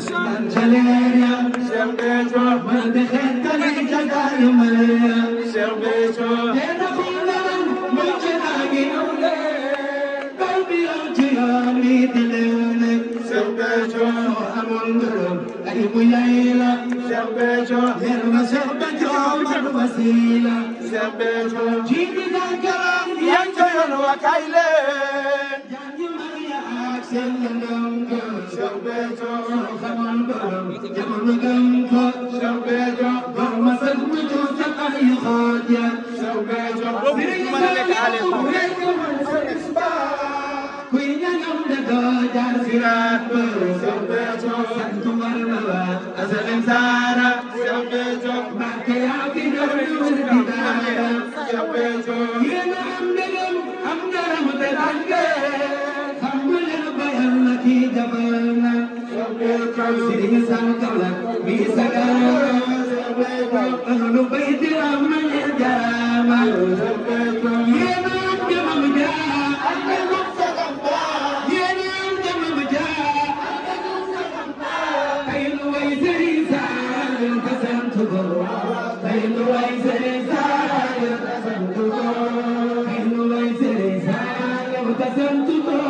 Jimmy Duncan, young Jayan, who are Kyle. sell dem ko Cheikh Béthio xamal borom jamono dem ko Cheikh Béthio war ma sant bu ñu sax ay xooja Cheikh Béthio kuy ñanam da doo jaar siraat ba Cheikh Béthio sant war na wa asalem saara Cheikh Béthio barke yaa fi doon wér di daara Cheikh Béthio yéen a am ndegam am ngaram te tàngee Santo Deus.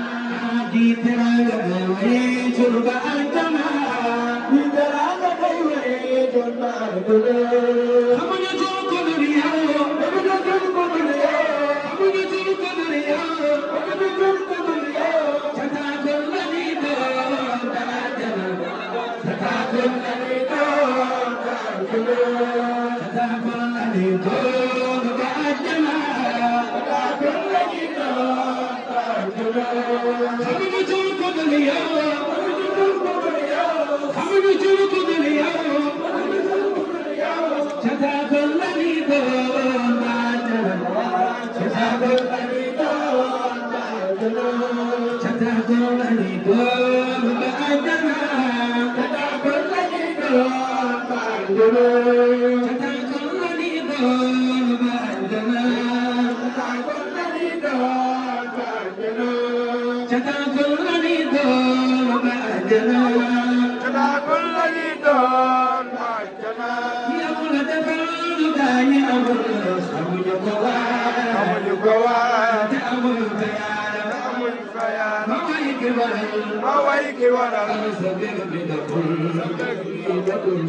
Yeah.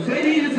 Say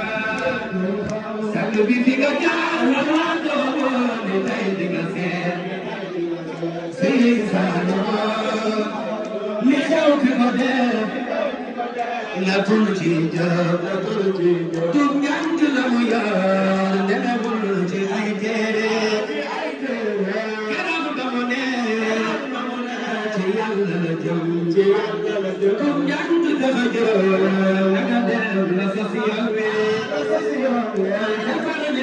dinga jaar la maa doon tey dinga seet sëriñ Saliou li xew fi ko def la bul ci jëf du ngant la mu yor dana bul ci ay téere kanam ba mu ne ci yàlla la jëm du ngant dafa jëf la nga def la sa si yoon wi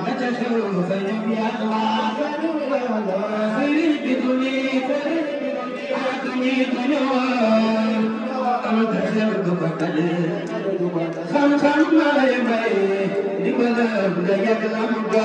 xam-xam maa lay may li ma ba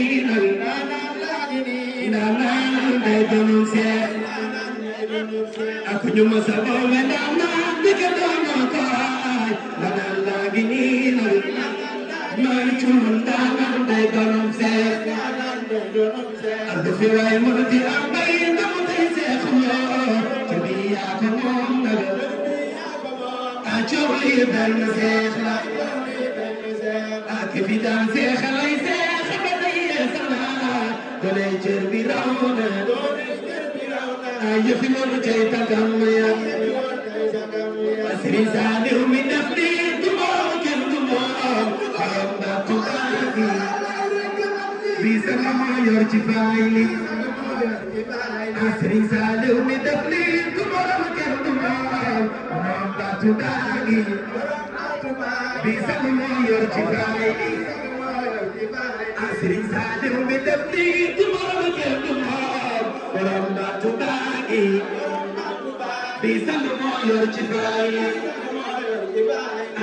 seet ak ñu ma sa boobe daan naa di ka doono kaay la daan laa gi nii na maa ci mun daan day borom seet ak du di am bay ndaw tay seet ñoo ci bi yaa ko na la ak coow yi benn seet la ak fi daan seet lay seet ba day yeesal naa raw na يخلو جيتا دميا أسري زالي من نفسي دموك الدموك حمد تغادي بيسا ما يرجي فايلي أسري زالي من نفسي دموك الدموك حمد تغادي بيسا ما يرجي فايلي أسري زالي من نفسي دموك Ibrahim Bizan moyo Jibril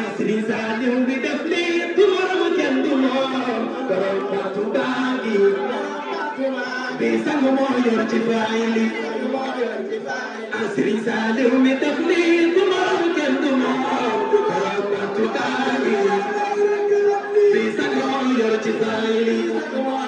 Asri zalim bidafli Turam jandimo Barang batu bagi Bizan moyo Jibril Asri zalim bidafli Turam jandimo Barang batu no Bizan de Jibril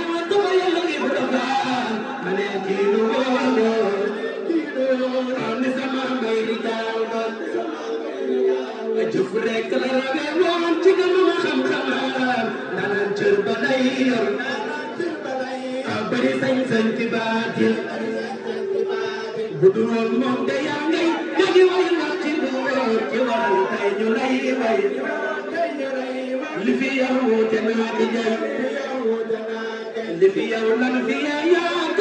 li fi yow lan fi yaa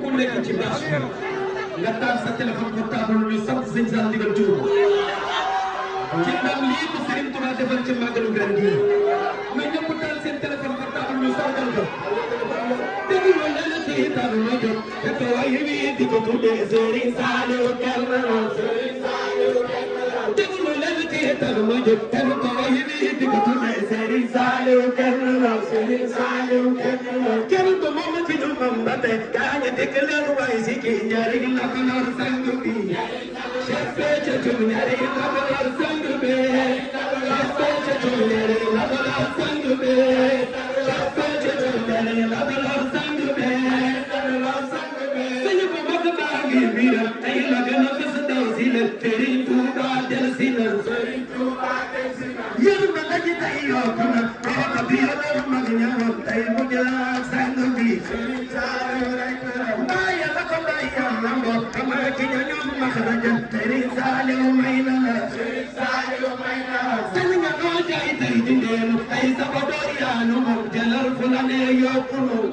ku nekk ci bâche nga taal sa téléphone portable ñu sant sëñ Saal digal ci ci ndam lii ko Serigne Touba defal ci màggalu ren gii mais ñëpp taal seen téléphone portable ñu santal ko dégg nga lan ci itam ma jot te tawaay wi di ko tuddee Serigne Saliou kenn Serigne Saliou kenn dégg nga lan ci itam ma jot te tawaay wi di ko tuddee Serigne Saliou kenn Serigne Saliou kenn mambate kanye dikle ruwaisi ki jari illa kanar sangubi shafe chachum jari illa kanar sangubi shafe chachum jari illa kanar sangubi shafe chachum jari illa kanar sangubi sanyu babak baagi mira ay lagna kas daisil teri tuka jalsil teri tuka jalsil yar malaj tayo kana kabir mar magna tay mujla san فتن يوم مخرج تري سالم مينا سالم مينا سنين راجع تهدين أي سبب يا نمو جلر فلان يوكلو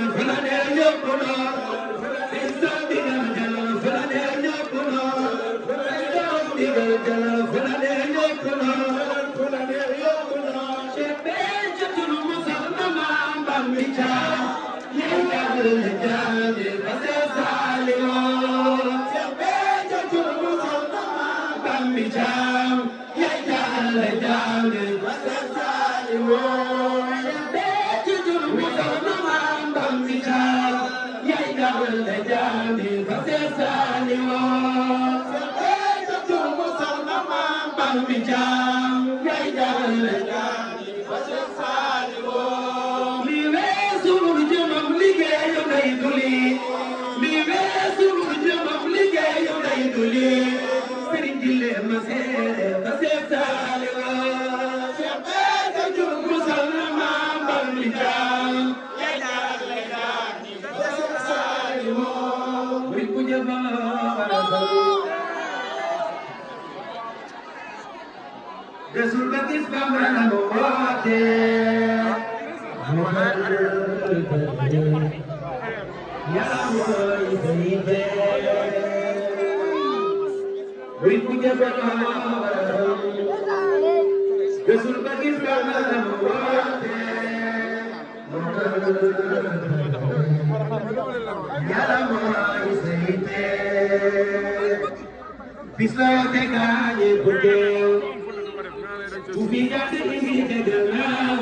Yeah. down. gis ba mën na nu woote yaa mooy day dee luy ku jëfe loolam gësul ba gis ba mën na nu woote yaa mooy day dee bis la yoo te gaañe bu deew Cuvinte atât din minte de la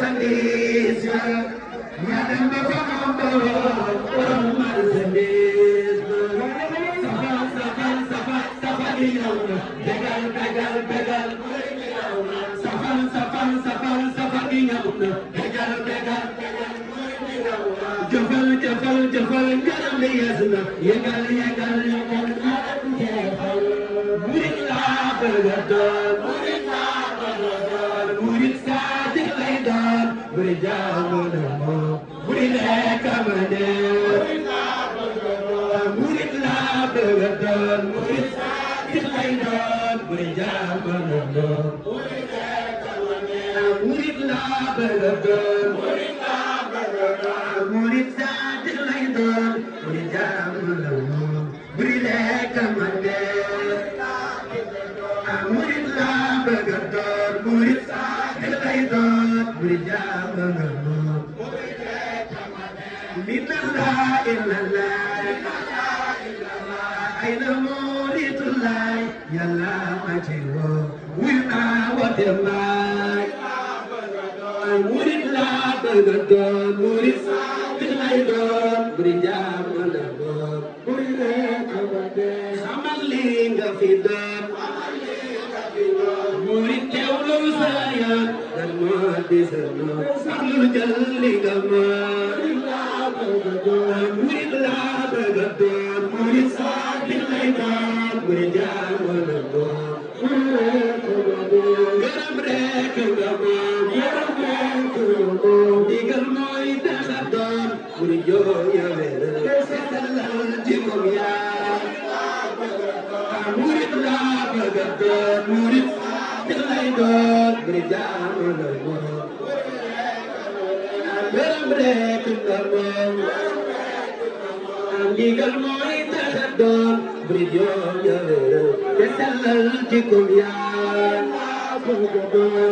Mercedes, madam the Fernando, from Mercedes. Sabal, sabal, sabal, sabalilauna, pegal, pegal, pegal, sabal, sabal, sabal, sabalilauna, pegal, pegal, pegal, jafal, jafal, jafal, jafal liyazna, yegal, yegal, yegal. jaamul moo murit lekk ma neex murit laa bëgg a doon murit saadix lay doon murit jaamul moo murit lekk ma neex murit laa bëgg a doon murit laa bëgg a doon murit saadix lay doon murit jaamul moo murit lekk ma neex murit laa bëgg a doon murit saadix lay doon برجامنا من الله إلا الله أين مريد الله يلا مجيبه وما ودمنا مريد لا تغدون مريد صاحب الأيدون برجامنا مريد xamal li nga fi doon. xamal li nga fi doon. murid teewlu sa yoon. ما بسما سحل الجل كما من لا تقدم من صاد العباد رجال ونقوم قرب ريك الغمام قرب ريك الغمام ديقل ما يتخدم ورجو يا غير سيدل الجمم يا مريد لا تقدم مريد صاد العباد الرجال من الموت من بريك النمو عندي قلبي تخدم بريجون يا تسللتكم يا